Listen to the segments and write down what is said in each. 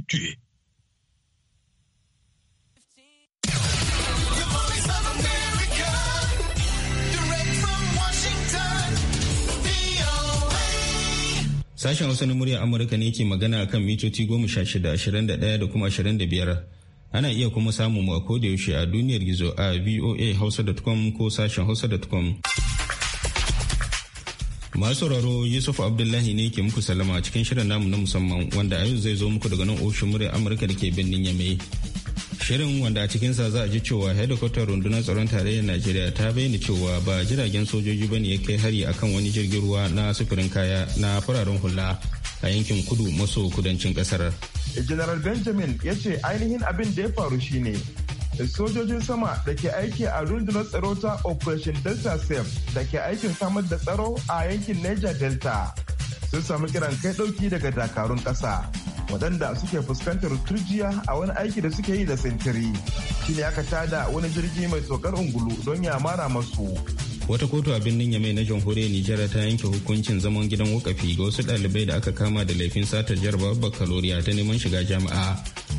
tué. Sashen Hausa na muryar Amurka ne ke magana kan mitoci goma sha shida ashirin da ɗaya da kuma ashirin da biyar. Ana iya kuma samun mu a kodayaushe a duniyar gizo a VOA hausa.com ko sashen hausa.com. Masu sauraro Yusuf Abdullahi ne ke muku salama cikin shirin namu na musamman wanda a yau zai zo muku daga nan ofishin murya Amurka da ke birnin Yamai. Shirin wanda a cikinsa za a ji cewa hedikwatar rundunar tsaron tarayyar Najeriya ta bayyana cewa ba jiragen sojoji ba ne ya kai hari akan wani jirgin ruwa na sufurin kaya na fararen hula a yankin kudu maso kudancin kasar. General Benjamin ya ce ainihin abin da ya faru shine sojojin sama da ke aiki a rundunar tsaro ta operation delta sam da ke aikin samar da tsaro a yankin niger delta sun samu kiran kai dauki daga dakarun kasa waɗanda suke fuskantar turjiya a wani aiki da suke yi da sintiri shine aka tada wani jirgi mai tsokar ungulu don ya mara masu wata kotu a birnin yamai na jamhuriyar nijar ta yanke hukuncin zaman gidan wakafi ga wasu ɗalibai da aka kama da laifin satar jarabar bakaloriya ta neman shiga jami'a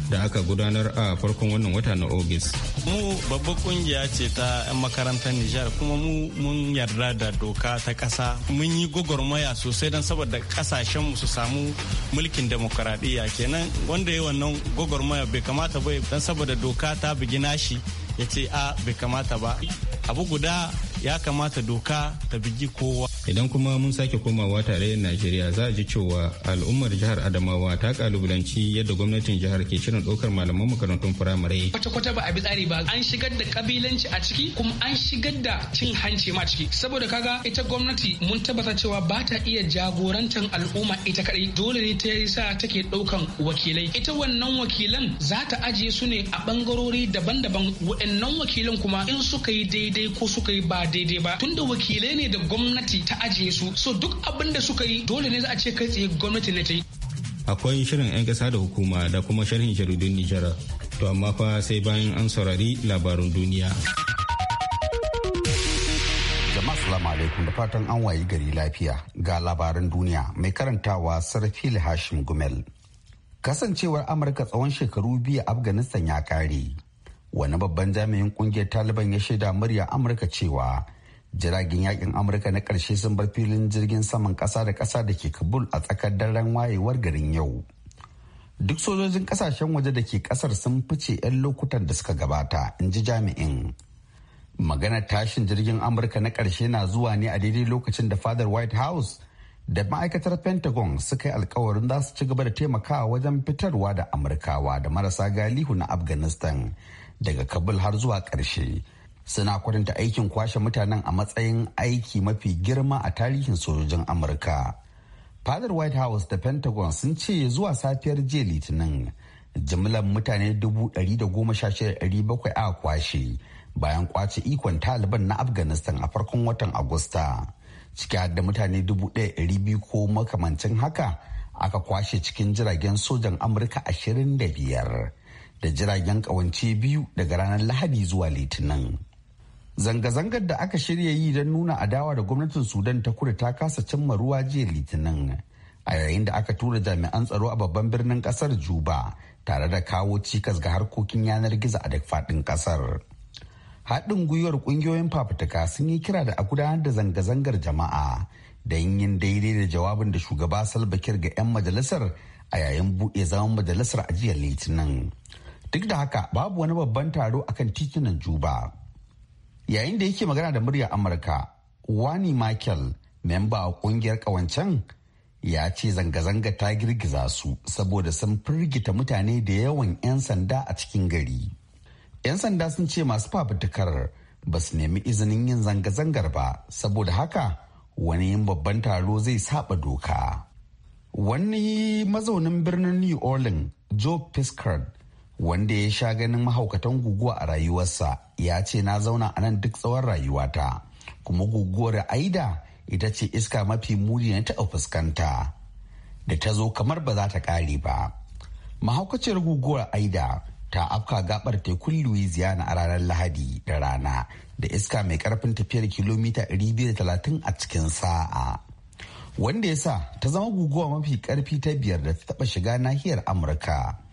da aka gudanar a farkon wannan wata na Ogis. Mu babba kungiya ce ta 'yan makarantar Nijar kuma mu mun yarda da doka ta ƙasa. Mun yi gwagwarmaya sosai don saboda mu su samu mulkin demokuraɗiyya kenan wanda ya wannan gwagwarmaya bai kamata ba don saboda doka ta bugina shi ya ce a bai kamata ba. Abu guda ya kamata doka ta bigi kowa idan kuma mun sake komawa tarayyar najeriya za a ji cewa al'ummar jihar adamawa ta kalubalanci yadda gwamnatin jihar ke shirin ɗaukar malaman makarantun firamare kwata-kwata ba a bi tsari ba an shigar da kabilanci a ciki kuma an shigar da cin hanci ma ciki saboda kaga ita gwamnati mun tabbata cewa ba ta iya jagorantar al'umma ita kadai dole ne ta yi sa take ɗaukan wakilai ita wannan wakilan za ta ajiye su ne a bangarori daban-daban wa'annan wakilan kuma in suka yi daidai ko suka yi ba daidai ba tunda wakilai ne da gwamnati ta ajiye su so duk abin da suka yi dole ne za a ce kai tsaye gwamnati ne ta yi akwai shirin 'yan ƙasa da hukuma da kuma sharhin jaridun nijar to amma fa sai bayan an saurari labarun duniya jama'a salamu alaikum da fatan an wayi gari lafiya ga labaran duniya mai karantawa sarfil hashim gumel kasancewar amurka tsawon shekaru biyu afghanistan ya kare wani babban jami'in kungiyar taliban ya shaida murya amurka cewa jiragen yakin amurka na karshe sun bar filin jirgin saman kasa da kasa da ke kabul a tsakar daren wayewar garin yau duk sojojin kasashen waje da ke kasar sun fice 'yan lokutan da suka gabata in ji jami'in magana tashin jirgin amurka na karshe na zuwa ne a daidai lokacin da fadar white house da ma'aikatar pentagon suka yi alkawarin za su ci gaba da taimakawa wajen fitarwa da amurkawa da marasa galihu na afghanistan daga kabul har zuwa ƙarshe suna kwatanta aikin kwashe mutanen a matsayin aiki mafi girma a tarihin sojojin amurka fadar white house da pentagon sun ce zuwa safiyar jiya litinin jimlar mutane 116,700 a kwashe bayan kwace ikon taliban na afghanistan a farkon watan agusta ciki har da mutane 1,200 ko makamancin haka aka kwashe cikin jiragen sojan amurka 25 da jiragen ƙawance biyu daga ranar lahadi zuwa litinin zanga-zangar da aka shirya yi don nuna adawa da gwamnatin sudan ta kudu ta kasa cimma ruwa jiya litinin a yayin da aka tura jami'an tsaro a babban birnin kasar juba tare da kawo cikas ga harkokin yanar gizo a duk faɗin kasar haɗin gwiwar ƙungiyoyin fafutuka sun yi kira da a gudanar da zanga-zangar jama'a da yin daidai da jawabin da shugaba salbakir ga 'yan majalisar a yayin buɗe zaman majalisar a jiya litinin Duk da haka babu wani babban taro akan titunan Juba. Yayin da yake magana da muryar Amurka, Wani Michael, memba a kungiyar kawancen, ya ce zanga-zanga ta girgiza su saboda sun firgita mutane da yawan 'yan sanda a cikin gari. 'Yan sanda sun ce masu fafutukar ba su nemi izinin yin zanga-zangar ba, saboda haka wani yin babban taro zai saba doka. Wani mazaunin birnin New Orleans, Joe Piscard, wanda ya sha ganin mahaukatan guguwa a rayuwarsa ya ce na zauna a nan duk tsawon rayuwata kuma guguwar aida ita ce iska mafi muni na taɓa fuskanta da ta zo kamar ba za ta ƙare ba mahaukaciyar guguwar aida ta afka gabar tekun louisiana a ranar lahadi da rana da iska mai karfin tafiyar kilomita 230 a cikin sa'a wanda ya sa ta zama guguwa mafi karfi ta biyar da ta taɓa shiga nahiyar amurka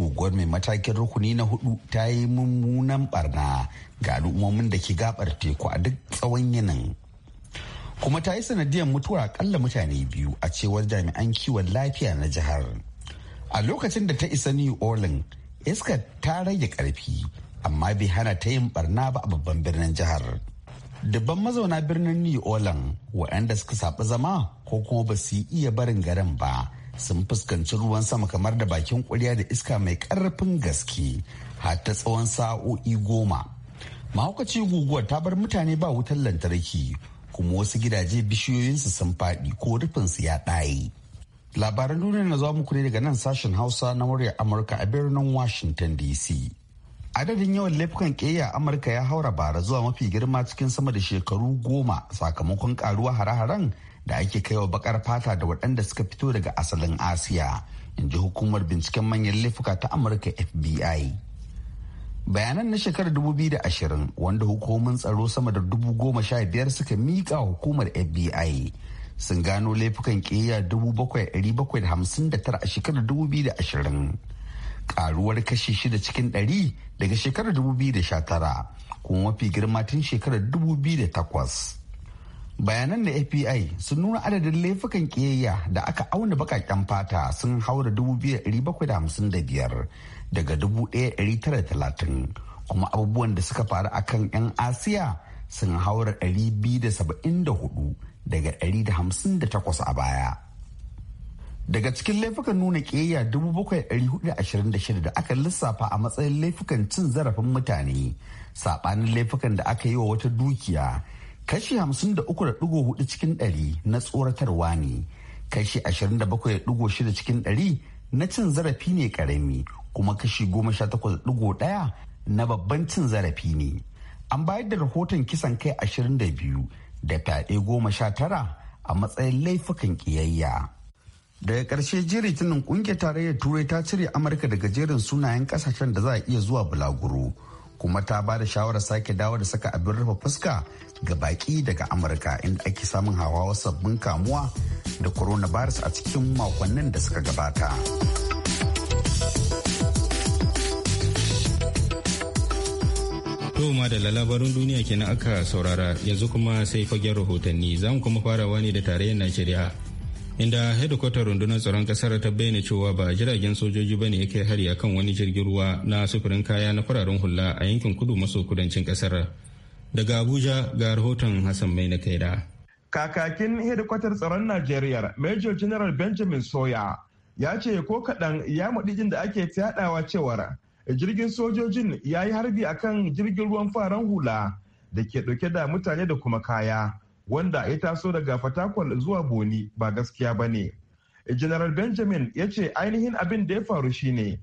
guguwar mai matakin rukuni na hudu ta yi mummunan barna ga al'ummomin da ke gabar teku a duk tsawon yinin kuma ta yi sanadiyar mutuwa akalla mutane biyu a cewar jami'an kiwon lafiya na jihar a lokacin da ta isa new orleans iska ta rage karfi amma bai hana ta yin barna ba a babban birnin jihar dubban mazauna birnin new orleans waɗanda suka saɓi zama ko kuma ba su iya barin garin ba sun fuskanci ruwan sama kamar da bakin kuriya da iska mai karfin gaske har ta tsawon sa'o'i goma mahaukaci guguwar ta bar mutane ba wutar lantarki kuma wasu gidaje bishiyoyinsu sun faɗi ko rufinsu ya ɗaye labaran duniya na zuwa muku ne daga nan sashen hausa na muryar amurka a birnin washington dc adadin yawan laifukan ƙeya amurka ya haura bara zuwa mafi girma cikin sama da shekaru goma sakamakon karuwa hare-haren da ake kaiwa bakar fata da waɗanda suka fito daga asalin asiya in ji hukumar binciken manyan laifuka ta amurka fbi bayanan na shekarar 2020 wanda hukumomin tsaro sama da dubu goma sha biyar suka miƙa hukumar fbi sun gano laifukan ƙeya 7,759 a shekarar 2020 karuwar kashi shida cikin ɗari daga shekarar 2019 kuma mafi girma tun shekarar 2008 bayanan da fbi sun nuna adadin laifukan kiyayya da aka auna bakaken fata sun haura 2,755 daga 1,930 kuma abubuwan da suka faru a kan 'yan asiya sun haura 274 daga 158 a baya daga cikin laifukan nuna kiyayya 7,426 da aka lissafa a matsayin laifukan cin zarafin mutane saɓanin laifukan da aka yi wa wata dukiya kashi 53.4 cikin dari na tsoratarwa ne kashi 27.6 cikin dari na cin zarafi ne karami kuma kashi 18.1 na babban cin zarafi ne an bayar da rahoton kisan kai 22 da fyaɗe 19 a matsayin laifukan ƙiyayya. daga ƙarshe jiri tunan ƙungiyar tarayyar turai ta cire amurka daga jerin sunayen ƙasashen da za a iya zuwa bulaguro kuma ta ba da shawarar sake dawo da saka abin rufe fuska ga baki daga amurka inda ake samun hawa sabbin kamuwa da coronavirus a cikin makonnin da suka gabata Toma da lalabarun duniya kenan aka saurara yanzu kuma sai fagen rahotanni zamu kuma farawa ne da tarayyar Najeriya inda hedikwatar rundunar tsaron kasar ta bayyana cewa ba jiragen sojoji bane ya kai hari akan wani jirgin ruwa na sufurin kaya na fararen hula a yankin kudu maso kudancin kasar. Daga Abuja ga rahoton Hassan Mai na kaida. Kakakin hedikwatar tsaron Najeriya, Major General Benjamin Soya, ya ce ko kaɗan ya maɗijin da ake yaɗawa cewar jirgin sojojin ya yi harbi a kan jirgin ruwan faran hula da ke ɗauke da mutane da kuma kaya. wanda ya taso daga fatakwal zuwa boni ba gaskiya ba ne. general benjamin ya ce ainihin abin da ya faru shine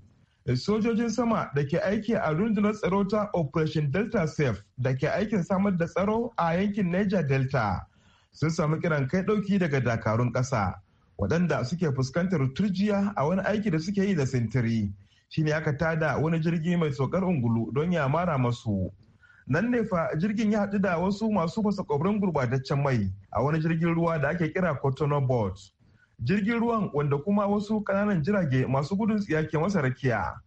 sojojin sama da ke aiki a rundunar tsaro ta operation delta safe da ke aikin samar da tsaro a yankin niger delta sun samu kiran kai dauki daga dakarun ƙasa waɗanda suke fuskantar turjiya a wani aiki da suke yi da sintiri shine aka tada wani jirgi mai tsokar ungulu don ya mara masu nan ne fa jirgin ya haɗu da wasu masu fasa kwabrin gurbataccen mai a wani jirgin ruwa da ake kira cotonou boat jirgin ruwan wanda kuma wasu ƙananan jirage masu gudun tsiya ke masa rakiya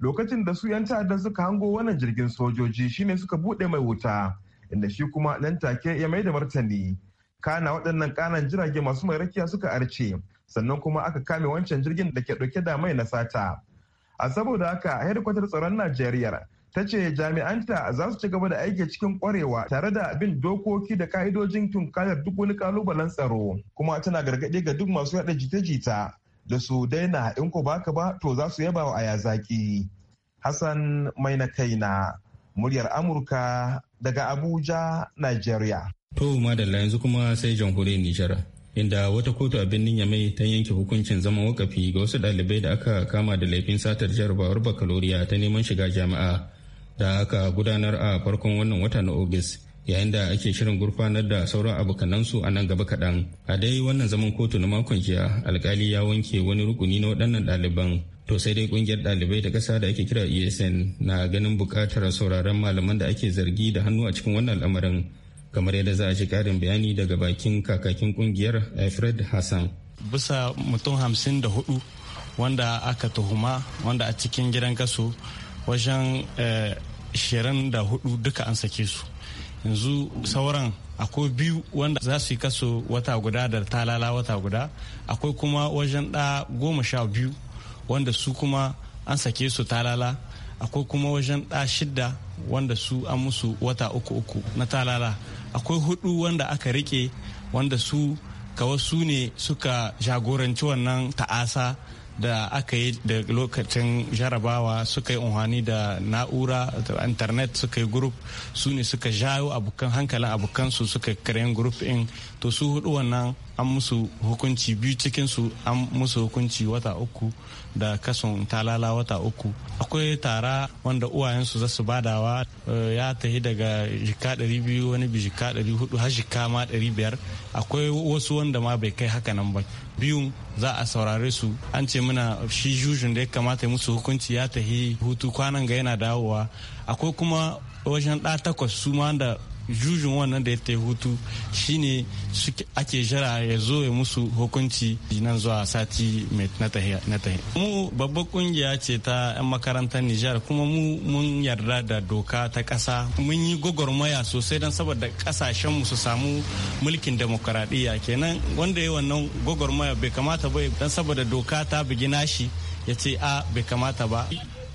lokacin da su 'yan ta'adda suka hango wannan jirgin sojoji shine suka buɗe mai wuta inda shi kuma nan take ya mai da martani kana waɗannan kanan jirage masu mai rakiya suka arce sannan kuma aka kame wancan jirgin da ke ɗauke da mai na sata a saboda haka hedikwatar tsaron najeriya ta ce jami'anta za su ci gaba da aiki cikin kwarewa tare da bin dokoki da ka'idojin tunkayar duk wani kalubalen tsaro kuma tana gargaɗi ga duk masu yaɗa jita-jita da su daina in ko baka ba to za su yaba wa aya zaki hassan mai na kaina muryar amurka daga abuja nigeria to madalla yanzu kuma sai jamhuri nijar inda wata kotu a birnin yamai ta yanke hukuncin zaman wakafi ga wasu ɗalibai da aka kama da laifin satar jarabawar bakaloriya ta neman shiga jami'a da aka gudanar a farkon wannan wata na ogis yayin da ake shirin gurfanar da sauran abokanansu a nan gaba kaɗan a dai wannan zaman kotu na makon jiya alkali ya wanke wani rukuni na waɗannan ɗaliban to sai dai ƙungiyar ɗalibai da ƙasa da ake kira esn na ganin buƙatar sauraron malaman da ake zargi da hannu a cikin wannan al'amarin kamar yadda za a ji ƙarin bayani daga bakin kakakin ƙungiyar alfred hassan bisa mutum hamsin da hudu wanda aka tuhuma wanda a cikin gidan kasu wajen eh, shirin da hudu duka an sake su yanzu sauran akwai biyu wanda za su yi kaso wata guda da talala wata guda akwai kuma wajen ɗa goma sha biyu wanda su kuma an sake su talala akwai kuma wajen ɗa shidda wanda su an musu wata uku uku na talala akwai hudu wanda aka rike wanda su kawa su ne suka jagoranci wannan ta'asa da aka yi da lokacin jarabawa suka yi unhani da na'ura da internet suka yi group su ne suka jayo abokan hankalin abokansu suka karen group in to su hudu wannan an musu hukunci biyu cikinsu an musu hukunci wata uku da kason talala wata uku akwai tara wanda uwayensu za su badawa eh, ya tahi daga jika 200 wani bi jika 400 har jika ma 500 akwai wasu wanda ma bai kai haka nan ba biyun za a saurare su an ce mana shi jujun da ya kamata musu hukunci ya tahi hutu kwanan ga yana dawowa akwai kuma wajen ɗa takwas su ma da jujun wannan da ya ta hutu shi shine ake jira ya zo ya musu hukunci nan zuwa sati na tahi mu babbar kungiya ce ta 'yan makarantar nijar kuma mu mun yarda da doka ta ƙasa mun yi gwagwarmaya sosai don saboda ƙasashenmu su samu mulkin demokaradiyya kenan wanda ya wannan gwagwarmaya bai kamata ba don saboda doka ta bigina shi ya ce a bai kamata ba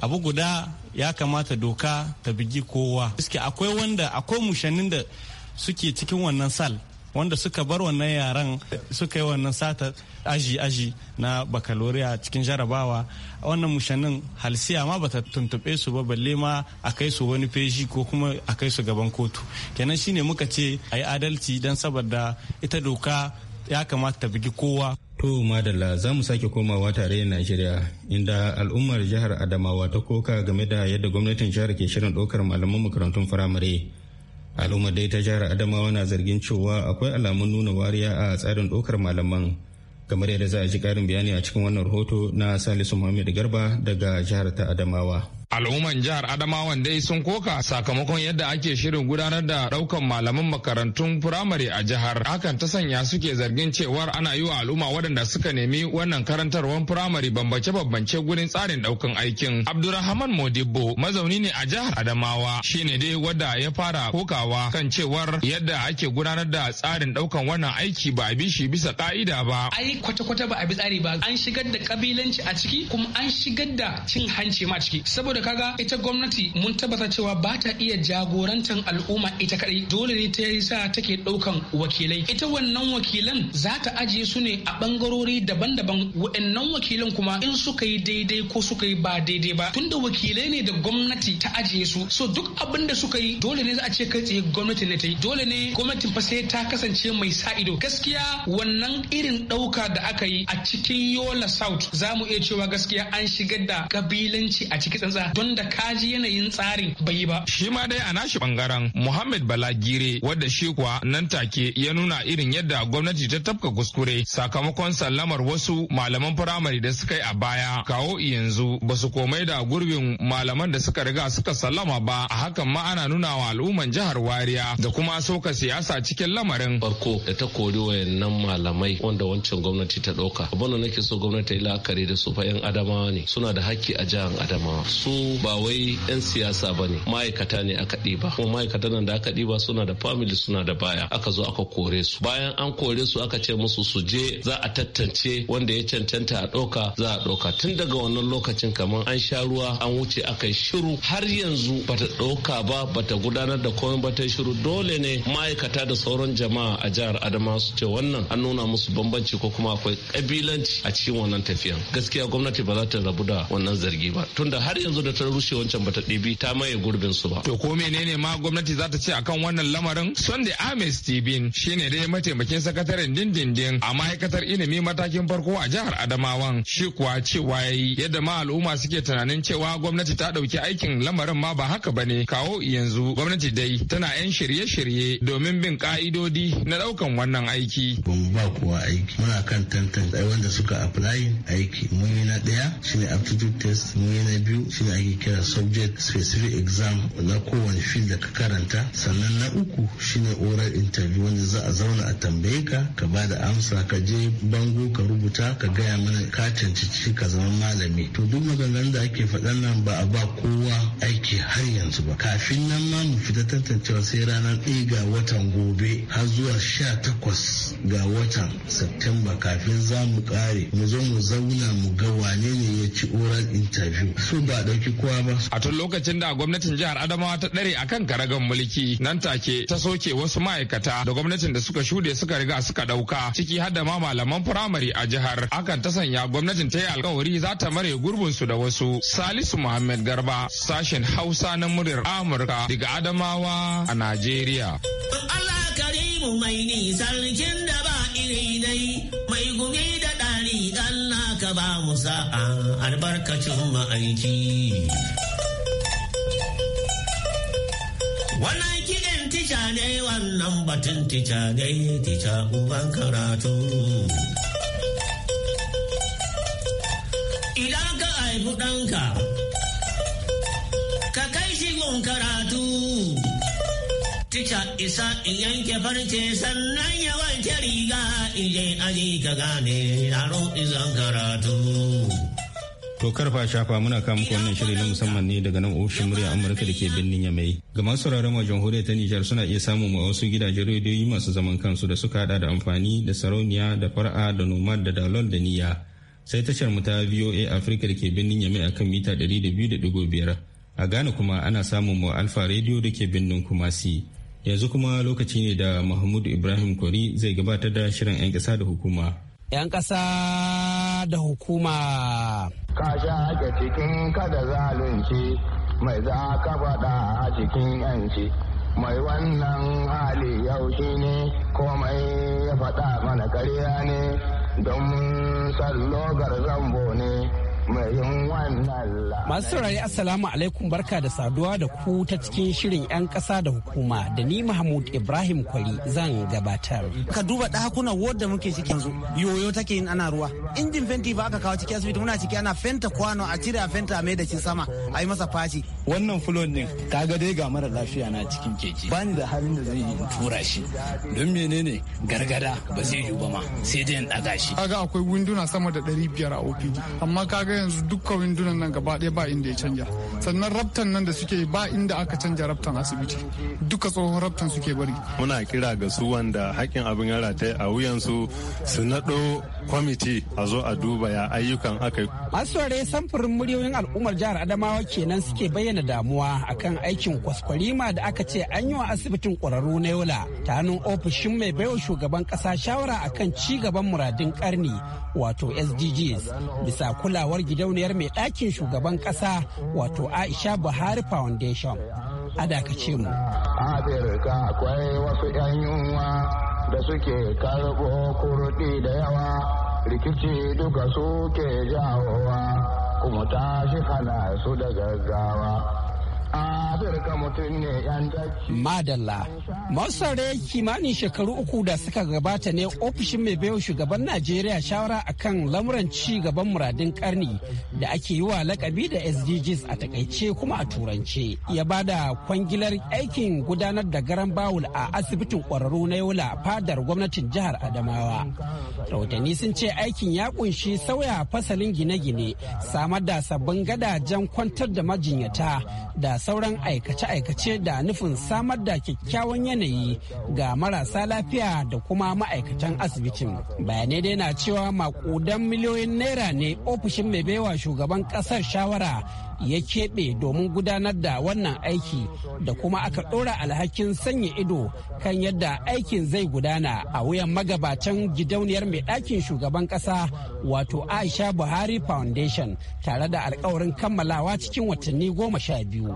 abu guda ya kamata doka ta bigi kowa suke akwai wanda akwai mushannin da suke cikin wannan sal wanda suka bar wannan yaran suka yi wannan sata aji-aji na bakaloriya cikin jarabawa wannan mushannin halsiya ma bata tuntube su ba balle ma a kai su wani feji ko kuma a kai su gaban kotu kenan shine muka ce a yi adalci don saboda ita doka ya kamata ta bigi kowa To Madalla za mu sake komawa tarayyar Najeriya inda al'ummar jihar Adamawa ta koka game da yadda gwamnatin jihar ke shirin ɗaukar malaman makarantun firamare. Al'ummar dai ta jihar Adamawa na zargin cewa akwai alamun nuna wariya a tsarin ɗaukar malaman. Kamar yadda za a ji ƙarin bayani a cikin wannan rahoto na Salisu Muhammad Garba daga jihar ta Adamawa. Al'umman jihar Adamawan dai sun koka sakamakon yadda ake shirin gudanar da daukan malaman makarantun firamare a jihar. Hakan ta sanya suke zargin cewar ana yi wa al'umma waɗanda suka nemi wannan karantarwar firamare bambance-bambance gurin tsarin daukan aikin. Abdurrahman Modibo mazauni ne a jihar Adamawa shine dai wadda ya fara kokawa kan cewar yadda ake gudanar da tsarin daukan wannan aiki ba a bi bisa ka'ida ba. Ai kwata-kwata ba a bi tsari ba an shigar da kabilanci a ciki kuma an shigar da cin hanci ma ciki saboda da kaga ita gwamnati mun tabbata cewa ba ta iya jagorantar al'umma ita kadai dole ne ta yi sa take daukan wakilai ita wannan wakilan za ta ajiye su ne a bangarori daban-daban wa'annan wakilan kuma in suka yi daidai ko suka yi ba daidai ba tunda wakilai ne da gwamnati ta ajiye su so duk abin da suka yi dole ne za a ce kai tsaye gwamnati ne ta yi dole ne gwamnatin fa sai ta kasance mai sa ido gaskiya wannan irin dauka da aka yi a cikin yola south za mu iya cewa gaskiya an shigar da kabilanci a cikin tsantsa don da kaji yanayin tsarin bai yi ba. Shi ma dai a nashi bangaren Muhammad gire wadda shi kuwa nan take ya nuna irin yadda gwamnati ta tafka kuskure sakamakon sallamar wasu malaman firamare da suka yi a baya kawo yanzu ba su komai da gurbin malaman da suka riga suka sallama ba a hakan ma ana nuna wa al'umman jihar wariya da kuma sauka siyasa cikin lamarin. Farko da ta kori wayannan malamai wanda wancan gwamnati ta ɗauka. Abin da nake so gwamnati ta yi la'akari da su fa 'yan Adamawa ne suna da haƙƙi a jihar Adamawa. Su ba wai 'yan siyasa ba ne ma'aikata ne aka ɗiba kuma ma'aikata nan da aka ɗiba suna da family suna da baya aka zo aka kore su bayan an kore su aka ce musu su je za a tantance wanda ya cancanta a ɗauka za a ɗauka tun daga wannan lokacin kamar an sha ruwa an wuce aka yi shiru har yanzu bata ɗauka ba bata gudanar da komai ba ta shiru dole ne ma'aikata da sauran jama'a a jihar adama su ce wannan an nuna musu bambanci ko kuma akwai kabilanci a cikin wannan tafiyan gaskiya gwamnati ba za ta rabu da wannan zargi ba tunda har yanzu da da ta rushe wancan bata ɗibi ta maye gurbin su ba. To ko menene ma gwamnati za ta ce akan wannan lamarin? Sunday Ames Tibin shine dai mataimakin sakataren dindindin a ma'aikatar ilimi matakin farko a jihar Adamawan shi kuwa cewa yi yadda ma al'umma suke tunanin cewa gwamnati ta ɗauki aikin lamarin ma ba haka ba ne kawo yanzu gwamnati dai tana yan shirye-shirye domin bin ka'idodi na ɗaukan wannan aiki. mu ba kowa aiki muna kan tantance wanda suka apply aiki mun yi na ɗaya shine aptitude test mun yi na biyu shine ake kira subject specific exam na kowane fil da ka karanta sannan na uku shine oral interview wanda za a zauna a tambaye ka ka ba da amsa ka je bango ka rubuta ka gaya mana ka cancanci ka zama malami to duk maganganun da ake faɗan nan ba a ba kowa aiki har yanzu ba kafin nan ma mu fita tantancewa sai ranar ɗaya ga watan gobe har zuwa sha takwas ga watan september kafin za mu kare mu zo mu zauna mu ga wane ne ya ci oral interview so ba da kowa ba. A tun lokacin da gwamnatin jihar Adamawa ta ɗare a kan karagan mulki nan take ta soke wasu ma'aikata da gwamnatin da suka shuɗe suka riga suka ɗauka ciki har da ma malaman firamare a jihar. Hakan ta sanya gwamnatin ta yi alkawari za ta mare gurbin su da wasu. Salisu Muhammad Garba sashen Hausa na muryar Amurka daga Adamawa a Najeriya. Allah karimu mai ni da ba iri ba mu sa'a albarkacin ma'aiki. Wannan kiɗin tica ne wannan batun tica ne tica uban karatu. isa in yanke farce sannan ya wanke riga ije aji ka gane yaro izan karatu. To karfa shafa muna kama wannan shirin na musamman ne daga nan ofishin murya Amurka da ke birnin Yamai. Ga masu sauraron jamhuriyar ta Nijar suna iya samun wa wasu gidajen rediyoyi masu zaman kansu da suka hada da amfani da sarauniya da far'a da nomad da dalol da niyya. Sai tashar mu ta VOA Africa da ke birnin Yamai akan mita 200.5. A Ghana kuma ana samun mu Alfa Radio da ke birnin Kumasi. yanzu kuma lokaci ne da mahmud ibrahim kwari zai gabatar da shirin 'yan ƙasa da hukuma 'yan ƙasa da hukuma ka sha ake cikin kada zalunci mai za ka faɗa a cikin 'yanci mai wannan hali yau shi ne komai ya faɗa mana karya ne don sallogar zambo ne Masu saurari Assalamu alaikum barka da saduwa da ku ta cikin shirin 'yan kasa da hukuma da ni Mahmud Ibrahim Kwali zan gabatar. Ka duba ɗakunan wadda muke ciki yanzu yoyo take yin ana ruwa. Injin fenti ba aka kawo ciki asibiti muna ciki ana fenta kwano a cire a fenta mai da shi sama a yi masa faci. wannan fulon ta kaga dai ga mara lafiya na cikin keke bani da halin da zai yi tura shi don menene gargada ba zai yi ba ma sai dai in daga shi kaga akwai winduna sama da biyar a OPD amma kaga yanzu dukkan windunan nan gaba ɗaya ba inda ya canja sannan raftan nan da suke ba inda aka canja raftan asibiti duka tsohon raftan suke bari muna kira ga su wanda hakkin abin yara ta a wuyansu su naɗo kwamiti a zo a duba ya ayyukan aka yi. samfurin muryoyin al'ummar jihar Adamawa kenan suke bayyana da damuwa akan aikin kwaskwalima da aka ce an yi wa asibitin ƙwararru na yola ta hannun ofishin mai baiwa shugaban ƙasa shawara akan ci gaban muradin ƙarni wato sdgs bisa kulawar gidauniyar mai ɗakin shugaban ƙasa wato aisha buhari foundation a dakace mu afirka akwai wasu 'yan yunwa da suke karɓo kurɗi da yawa rikici duka suke jawowa kuma shi kana su da gaggawa. Madalla. Masare kimanin shekaru uku da suka gabata ne ofishin mai baiwa shugaban Najeriya shawara akan lamuran ci gaban muradin karni da ake yi wa lakabi da SDGs a takaice kuma a turance. Ya bada kwangilar aikin gudanar da garan bawul a asibitin kwararru na Yola fadar gwamnatin jihar Adamawa. Rautani sun ce aikin ya kunshi sauya fasalin gine-gine, samar da sabbin gadajen kwantar da majinyata da sauran aikace-aikace da nufin samar da kyakkyawan yanayi ga marasa lafiya da kuma ma'aikatan asibitin bayanai dai na cewa makudan miliyoyin naira ne ofishin mai baiwa shugaban kasar shawara ya keɓe domin gudanar da wannan aiki da kuma aka ɗora alhakin sanya ido kan yadda aikin zai gudana a wuyan magabatan gidauniyar mai ɗakin shugaban ƙasa wato aisha buhari foundation tare da alkawarin kammalawa cikin watanni goma sha biyu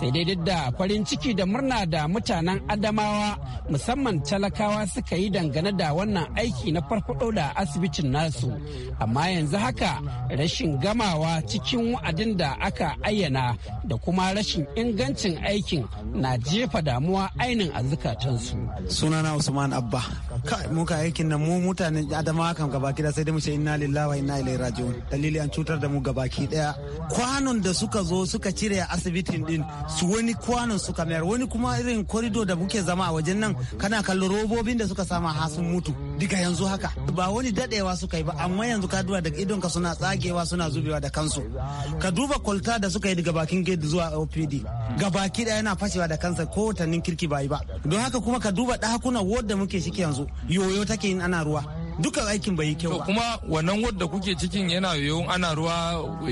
sai dai duk da farin ciki da murna da mutanen adamawa musamman talakawa suka yi dangane da wannan aiki na farfaɗo da asibitin nasu amma yanzu haka rashin gamawa cikin wa'adin da aka aka ayyana da kuma rashin ingancin aikin na jefa damuwa ainin a zukatansu. Sunana Usman Abba. Kai muka aikin nan mu mutanen adama kan gabaki da sai dai mu ce inna lillahi wa inna ilaihi raji'un. Dalili an cutar da mu gabaki daya. Kwanon da suka zo suka cire a asibitin din su wani kwanon suka mayar wani kuma irin korido da muke zama a wajen nan kana kallon robobin da suka sama ha sun mutu diga yanzu haka ba wani dadewa suka yi ba amma yanzu ka duba daga ka suna tsagewa suna zubewa da kansu ka duba mata da suka yi daga bakin gate zuwa opd baki daya yana fashewa da kansa ko watannin kirki ba ba don haka kuma ka duba ɗakunan wadda muke ciki yanzu yoyo take yin ana ruwa dukan aikin bai yi kyau ba. kuma wannan wadda kuke cikin yana yoyo ana ruwa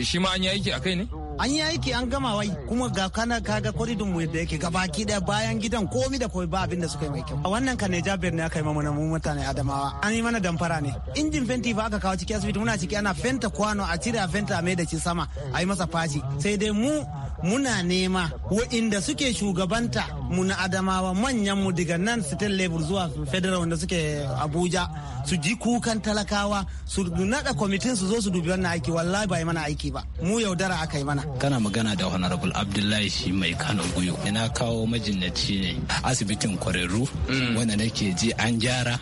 shi ma an yi aiki akai ne? an yi aiki an gama wai kuma ga kana kaga koridon mu da yake baki daya bayan gidan komi da koi ba abin da suka yi mai kyau a wannan kan ne jabir ne aka yi na mu mutane adamawa an yi mana damfara ne injin fenti ba aka kawo ciki asibiti muna ciki ana fenta kwano a cire a fenta a mai da ci sama a yi masa faci sai dai mu muna nema wa'inda suke shugabanta mu na adamawa manyanmu daga nan state level zuwa federal wanda suke abuja su ji kukan talakawa su nada kwamitin su zo su dubi wannan aiki wallahi ba mana aiki ba mu yaudara aka yi mana kana magana da honorable abdullahi shi mai kano guyo ina kawo majinnaci ne asibitin kwararru mm. wanda nake ji an gyara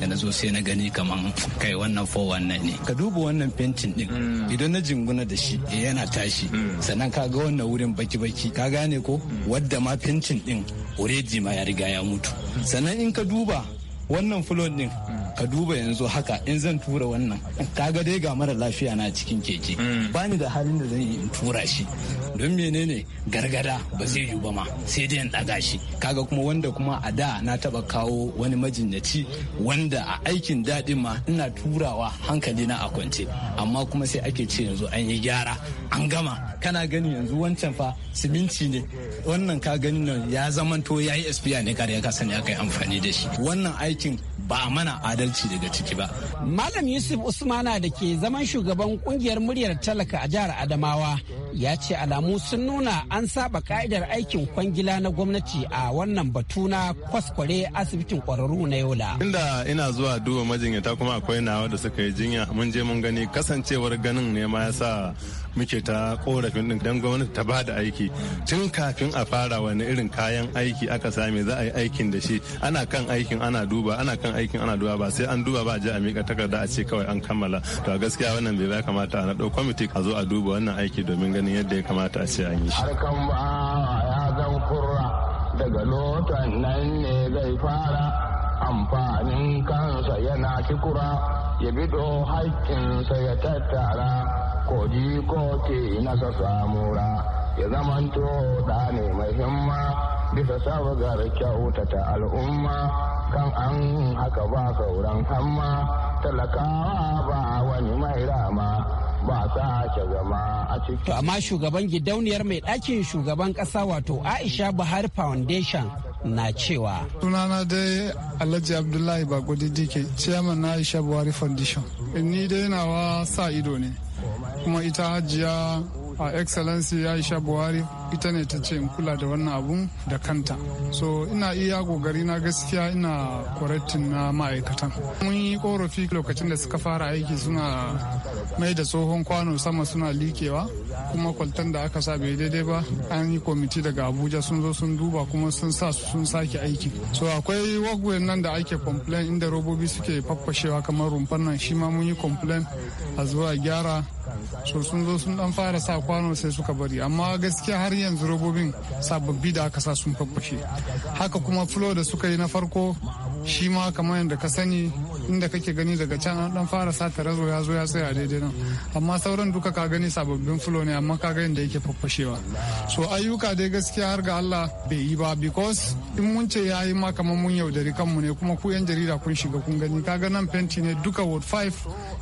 da na zo sai na gani kaman kai wannan fo wannan ne ka duba wannan fentin din mm. idan na jinguna da shi eh, yana tashi mm. sannan ka ga wannan wurin baki-baki ka gane ko mm. wadda ma fentin din already ma ya riga ya mutu sannan in ka duba wannan fulon din ka duba yanzu haka in zan tura wannan kaga dai ga mara lafiya na cikin keke mm. bani da halin da zan yi in tura shi don menene gargada ba zai yiwu ba ma sai dai in daga shi kaga kuma wanda kuma a da na taba kawo wani majinyaci wanda a aikin daɗin ma ina turawa hankali na a kwance amma kuma sai ake ce yanzu an yi gyara an gama kana gani yanzu wancan fa siminti ne wannan ka gani nan ya zamanto ya yi ne kare ya kasance aka yi amfani da shi wannan aiki aikin ba a mana adalci daga ciki ba. Malam Yusuf Usmana da ke zaman shugaban kungiyar muryar talaka a jihar Adamawa ya ce alamu sun nuna an saba ka'idar aikin kwangila na gwamnati a wannan batu na kwaskware asibitin kwararru na yola inda ina zuwa duba majinyata kuma akwai nawa da suka yi jinya mun je mun gani kasancewar ganin ne ma ya sa muke ta korafin din dan gwamnati ta bada aiki tun kafin a fara wani irin kayan aiki aka same za a yi aikin da shi ana kan aikin ana duba ana kan aikin ana duba ba sai an duba ba je a mika takarda a ce kawai an kammala to gaskiya wannan bai kamata a na kwamiti a zo a duba wannan aiki domin gani bayanin yadda ya kamata a ce an yi shi harkan ba ya zan kurra daga lotan nan ne zai fara amfanin kansa yana kikura ya bido haƙƙinsa ya tattara koji ko ke nasa samura ya zamanto da ne mai himma bisa sabgar kyautata al'umma kan an haka ba sauran hamma talakawa ba wani mai rama ba sake zama a cikin. To amma shugaban gidauniyar mai ɗakin shugaban ƙasa wato Aisha Buhari Foundation na cewa. Sunana dai Alhaji Abdullahi Bako Didike, chairman na Aisha Buhari Foundation. Ni dai nawa sa ido ne, kuma ita hajiya a Excellency Aisha Buhari ita ne ta ce in kula da wannan abun da kanta so ina iya gogari na gaskiya ina correcting na ma'aikatan mun yi korafi lokacin da suka fara aiki suna mai da tsohon kwano sama suna likewa kuma kwaltan da aka sa bai daidai ba an yi kwamiti daga abuja sun zo sun duba kuma sun sa su sun sake aiki so akwai walkway nan da ake complain inda robobi suke faffashewa kamar rumfan nan shi ma mun yi complain a zuwa gyara so sun zo sun dan fara sa kwano sai suka bari amma gaskiya har yanzu robobin sababbi da aka sa sun farfashe haka kuma fulo da suka yi na farko shi ma kamar yadda ka sani inda kake gani daga can an dan fara sata razo ya zo ya tsaya daidai nan amma sauran duka ka gani sababbin filo ne amma ka ga yadda yake farfashewa so ayyuka dai gaskiya har ga Allah bai yi ba because in mun ce ya yi ma kamar mun yaudari kanmu ne kuma ku yan jarida kun shiga kun gani ka ga nan fenti ne duka ward 5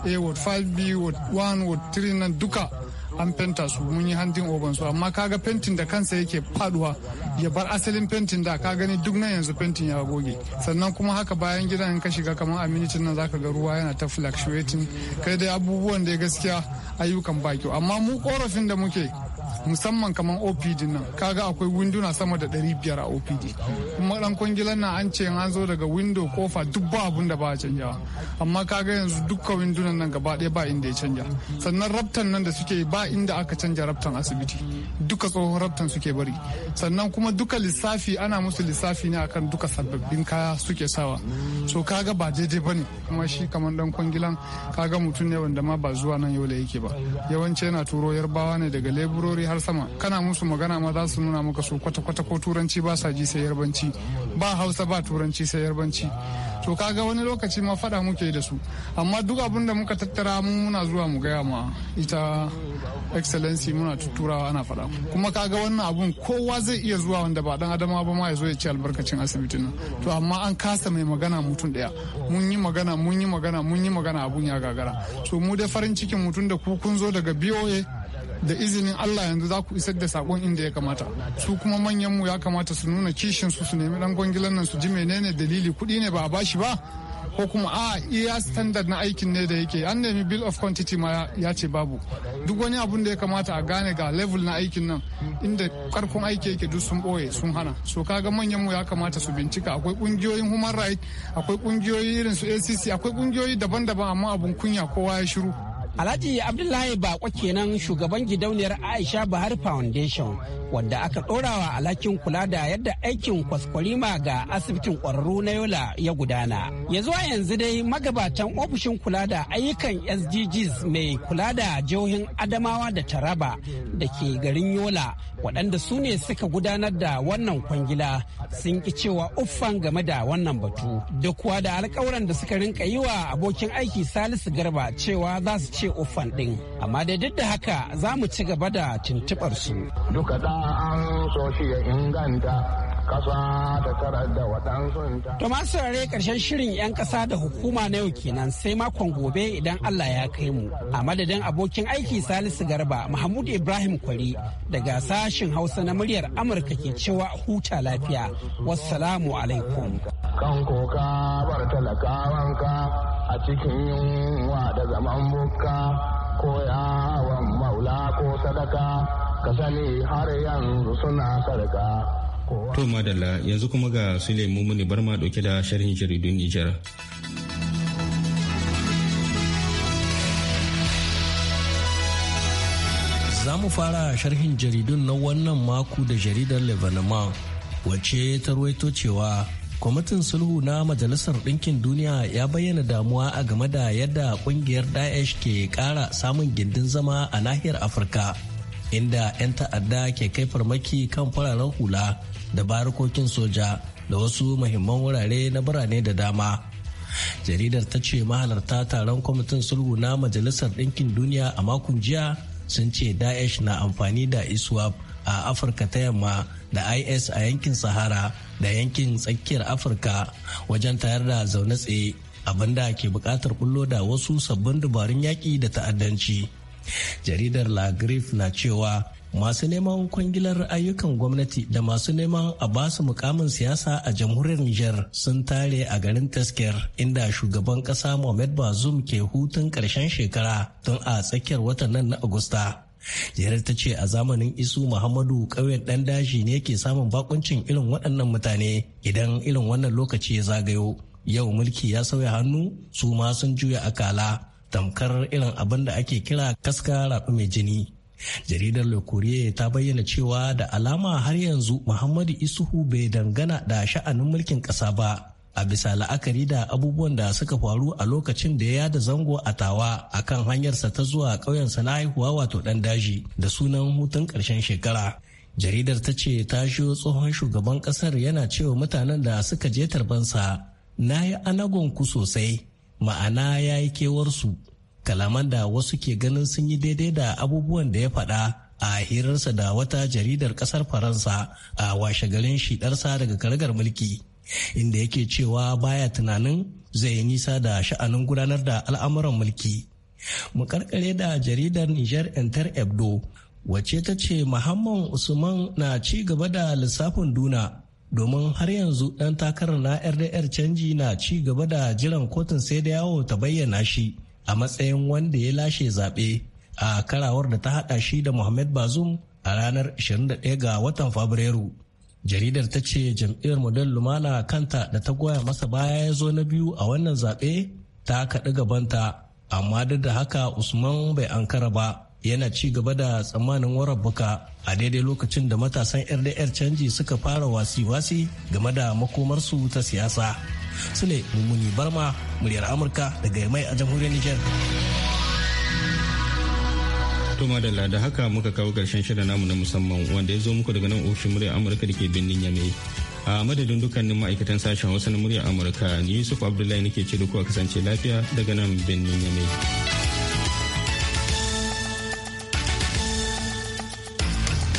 a ward 5 b ward 1 ward 3 nan duka an fenta su mun yi handin oban su amma kaga fentin da kansa yake faduwa ya bar asalin fentin da ka gani duk nan yanzu fentin ya goge sannan kuma haka bayan gidan in ka shiga kamar a minitin nan zaka ga ruwa yana ta fluctuating kai dai abubuwan da gaskiya ayyukan baki amma mu korafin da muke musamman kamar opd nan kaga akwai winduna sama da 500 a opd kuma dan kwangilan na an ce an zo daga windo kofa duk ba abun da ba canjawa amma kaga yanzu dukka windunan nan gaba ɗaya ba inda ya canja sannan raftan nan da suke ba inda aka canja raftan asibiti duka tsohon raftan suke bari sannan kuma duka lissafi ana musu lissafi ne akan duka sababbin kaya suke sawa so kaga ba daidai bane kuma shi kamar dan kwangilan kaga mutum ne wanda ma ba zuwa nan yau da yake ba yawanci yana turo yarbawa ne daga leburori har har sama kana musu magana ma za su nuna maka su kwata-kwata ko turanci ba sa ji sai yarbanci ba hausa ba turanci sai yarbanci to kaga wani lokaci ma fada muke da su amma duk abin da muka tattara mu muna zuwa mu gaya ma ita excellency muna tuturawa ana fada kuma kaga wannan abun kowa zai iya zuwa wanda ba dan adama ba ma ya zo ya ci albarkacin asibitin nan to amma an kasa mai magana mutum daya mun yi magana mun yi magana mun yi magana abun ya gagara to mu da farin cikin mutum da ku kun zo daga BOA da izinin Allah yanzu za ku isar da sakon inda ya kamata su kuma manyan mu ya kamata su nuna kishin su su nemi dan gwangilan nan su ji menene dalili kuɗi ne ba a bashi ba ko kuma a iya standard na aikin ne da yake an nemi bill of quantity ma ya ce babu duk wani abun da ya kamata a gane ga level na aikin nan inda karkon aiki yake duk sun boye sun hana so kaga manyan mu ya kamata su bincika akwai kungiyoyin human right akwai kungiyoyi irin su acc akwai kungiyoyi daban-daban amma abun kunya kowa ya shiru Alhaji Abdullahi Bako kenan shugaban gidauniyar Aisha Bahar Foundation wanda aka ɗorawa alhakin kula da yadda aikin kwaskwarima ga asibitin ƙwararru na Yola ya gudana. Ya zuwa yanzu dai magabatan ofishin kula da ayyukan SDGs mai kula da jihohin Adamawa da Taraba da ke garin Yola waɗanda su ne suka gudanar da wannan kwangila sun ki cewa uffan game da wannan batu. duk da alkawuran da suka rinka yi wa abokin aiki Salisu Garba cewa za su ce kashe ufan ɗin amma dai duk da haka za mu ci gaba da tuntuɓar su. duka da an so shi ya inganta kasa ta tarar da waɗansunta. To su rare ƙarshen shirin 'yan kasa da hukuma na yau kenan sai makon gobe idan Allah ya kai mu. A madadin abokin aiki Salisu Garba Mahmud Ibrahim Kwari daga sashin Hausa na muryar Amurka ke cewa huta lafiya. Wassalamu alaikum. kan koka bar talakawanka a cikin yunwa da zaman buka ko yawon maula ko sadaka ka sani har yanzu suna sarka. To madalla yanzu kuma ga Sule Mumuni Barma dauke da sharhin jaridun Nijar. Za mu fara sharhin jaridun na wannan mako da jaridar Lebanon wacce ta ruwaito cewa kwamitin sulhu na majalisar ɗinkin duniya ya bayyana damuwa a game da yadda ƙungiyar daesh ke ƙara samun gindin zama a nahiyar afirka inda 'yan ta'adda ke kai farmaki kan fararen hula da barikokin soja da wasu mahimman wurare na birane da dama jaridar ta ce mahalarta taron kwamitin sulhu na majalisar ɗinkin duniya a makon jiya sun ce daesh na amfani da iswap a afirka ta yamma da is a yankin sahara da yankin tsakiyar afirka wajen tayar da zaune tsaye abinda ke buƙatar kullo da wasu sabbin dabarun yaƙi da ta'addanci jaridar la na cewa masu neman kwangilar ayyukan gwamnati da masu neman a basu mukamin siyasa a jamhuriyar niger sun tare a garin Tasker inda shugaban kasa Mohamed Bazoum ke hutun karshen shekara tun a tsakiyar watan nan na Agusta. jihar ta ce a zamanin isu muhammadu ƙauyen ɗan dashi ne ke samun bakuncin irin waɗannan mutane idan irin wannan lokaci ya zagayo yau mulki ya sauya hannu su ma sun juya akala tamkar irin abin da ake kira kaska raɓi mai jini jaridar le ta bayyana cewa da alama har yanzu muhammadu isuhu bai dangana da sha'anin mulkin ƙasa ba a bisa la'akari da abubuwan da suka faru a lokacin da ya yada zango a tawa a kan hanyarsa ta zuwa ƙauyensa na haihuwa wato ɗan daji da sunan hutun ƙarshen shekara jaridar ta ce ta shiyo tsohon shugaban ƙasar yana cewa mutanen da suka je tarbansa na yi anagonku sosai ma'ana ya yi kewarsu kalaman da wasu ke ganin sun yi daidai da abubuwan da ya faɗa a hirarsa da wata jaridar ƙasar faransa a washe garin shidarsa daga karagar mulki inda yake cewa baya tunanin zai yi nisa da sha'anin gudanar da al'amuran mulki. Mu karkare da jaridar Niger inter Ebdo wace ta ce Muhammad Usman na ci gaba da lissafin duna domin har yanzu ɗan takarar na RDR canji na ci gaba da jiran kotun sai da yawo ta bayyana shi a matsayin wanda ya lashe zaɓe a karawar da ta haɗa shi da Muhammad Bazum a ranar 21 ga watan Fabrairu. jaridar ta ce jam'iyyar model lumana kanta da ta goya masa baya ya zo na biyu a wannan zaɓe ta kaɗi gabanta amma duk da haka usman bai ankara ba yana ci gaba da tsammanin warabbuka a daidai lokacin da matasan rdr canji suka fara wasi-wasi game da makomarsu ta siyasa sule mummuni barma muryar amurka daga mai a jamhuriyar niger To madalla da haka muka kawo karshen shirin namu na musamman wanda ya zo muku daga nan ofishin murya Amurka da ke birnin Yame. A madadin dukkanin ma'aikatan sashen Hausa na murya Amurka ni Yusuf Abdullahi nake ce da kuwa kasance lafiya daga nan birnin Yame.